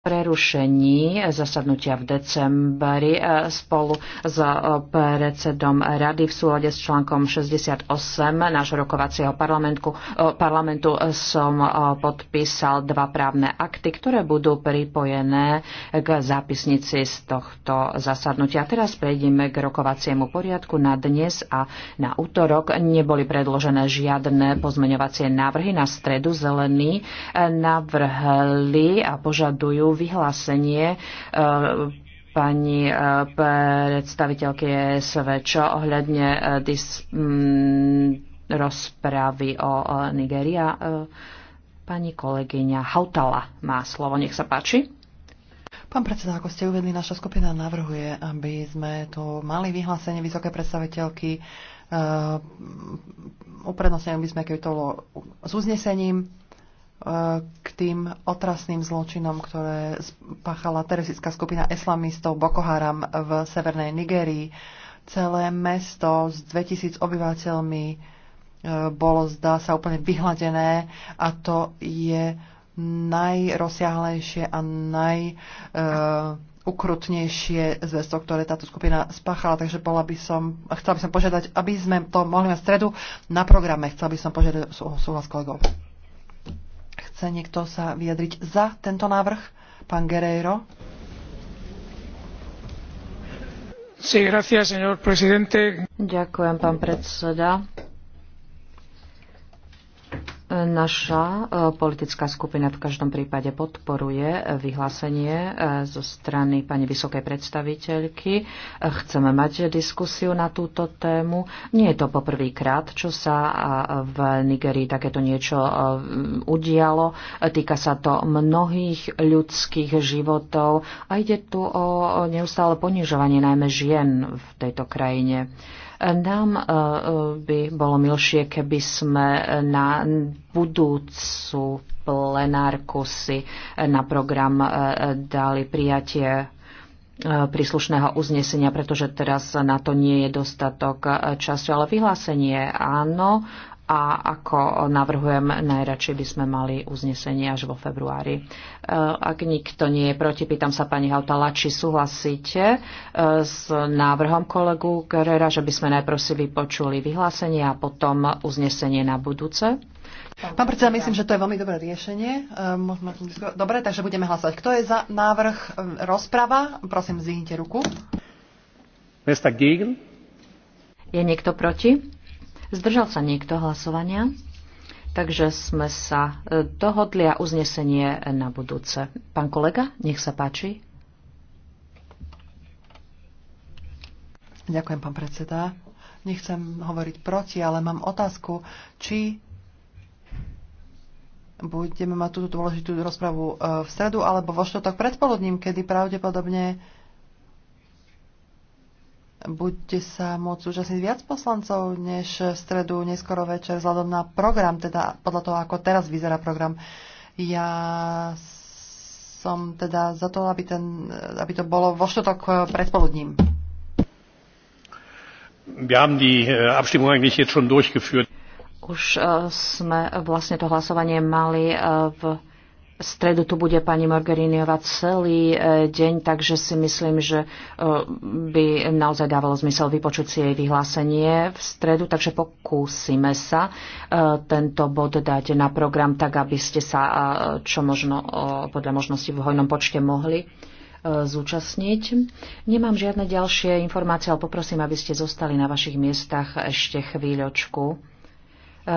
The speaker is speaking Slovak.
prerušení zasadnutia v decembri e, spolu s e, predsedom rady v súlade s článkom 68 nášho rokovacieho parlamentu, e, parlamentu som podpísal dva právne akty, ktoré budú pripojené k zápisnici z tohto zasadnutia. Teraz prejdeme k rokovaciemu poriadku na dnes a na útorok. Neboli predložené žiadne pozmeňovacie návrhy. Na stredu zelení navrhli a požadujú vyhlásenie eh, pani eh, predstaviteľky čo ohľadne eh, dis, m, mm, rozprávy o, o Nigeria. Pani kolegyňa Hautala má slovo, nech sa páči. Pán predseda, ako ste uvedli, naša skupina navrhuje, aby sme tu mali vyhlásenie vysoké predstaviteľky. Uh, uprednostnili by sme, keď to bolo s uznesením, uh, tým otrasným zločinom, ktoré spáchala teresická skupina islamistov Boko Haram v severnej Nigérii. Celé mesto s 2000 obyvateľmi e, bolo, zdá sa, úplne vyhladené a to je najrozsiahlejšie a najukrutnejšie e, uh, zväzto, ktoré táto skupina spáchala. Takže bola by som, chcela by som požiadať, aby sme to mohli mať stredu na programe. Chcela by som požiadať súhlas kolegov. Chce niekto sa vyjadriť za tento návrh? Pán Guerreiro. Sí, gracias, señor Ďakujem, pán predseda. Naša e, politická skupina v každom prípade podporuje e, vyhlásenie e, zo strany pani vysokej predstaviteľky. Chceme mať diskusiu na túto tému. Nie je to poprvýkrát, čo sa v Nigerii takéto niečo udialo. Týka sa to mnohých ľudských životov a ide tu o neustále ponižovanie najmä žien v tejto krajine. Nám by bolo milšie, keby sme na budúcu plenárku si e, na program e, dali prijatie e, príslušného uznesenia, pretože teraz na to nie je dostatok času. Ale vyhlásenie áno, a ako navrhujem, najradšej by sme mali uznesenie až vo februári. E, ak nikto nie je proti, pýtam sa pani Hautala, či súhlasíte e, s návrhom kolegu Gerera, že by sme najprv si vypočuli vyhlásenie a potom uznesenie na budúce? Pán predseda, myslím, že to je veľmi dobré riešenie. E, Dobre, takže budeme hlasovať. Kto je za návrh rozprava? Prosím, zvihnite ruku. Je niekto proti? Zdržal sa niekto hlasovania? Takže sme sa e, dohodli a uznesenie na budúce. Pán kolega, nech sa páči. Ďakujem, pán predseda. Nechcem hovoriť proti, ale mám otázku, či budeme mať túto dôležitú rozpravu e, v stredu alebo vo štvrtok predpoludním, kedy pravdepodobne Buďte sa môcť zúčastniť viac poslancov než v stredu neskoro večer vzhľadom na program, teda podľa toho, ako teraz vyzerá program. Ja som teda za to, aby, ten, aby to bolo vo štotok eh, predpoludním. Eh, Už eh, sme vlastne to hlasovanie mali v v stredu tu bude pani Morgeriniova celý e, deň, takže si myslím, že e, by naozaj dávalo zmysel vypočuť si jej vyhlásenie v stredu, takže pokúsime sa e, tento bod dať na program tak, aby ste sa čo možno podľa možnosti v hojnom počte mohli zúčastniť. Nemám žiadne ďalšie informácie, ale poprosím, aby ste zostali na vašich miestach ešte chvíľočku.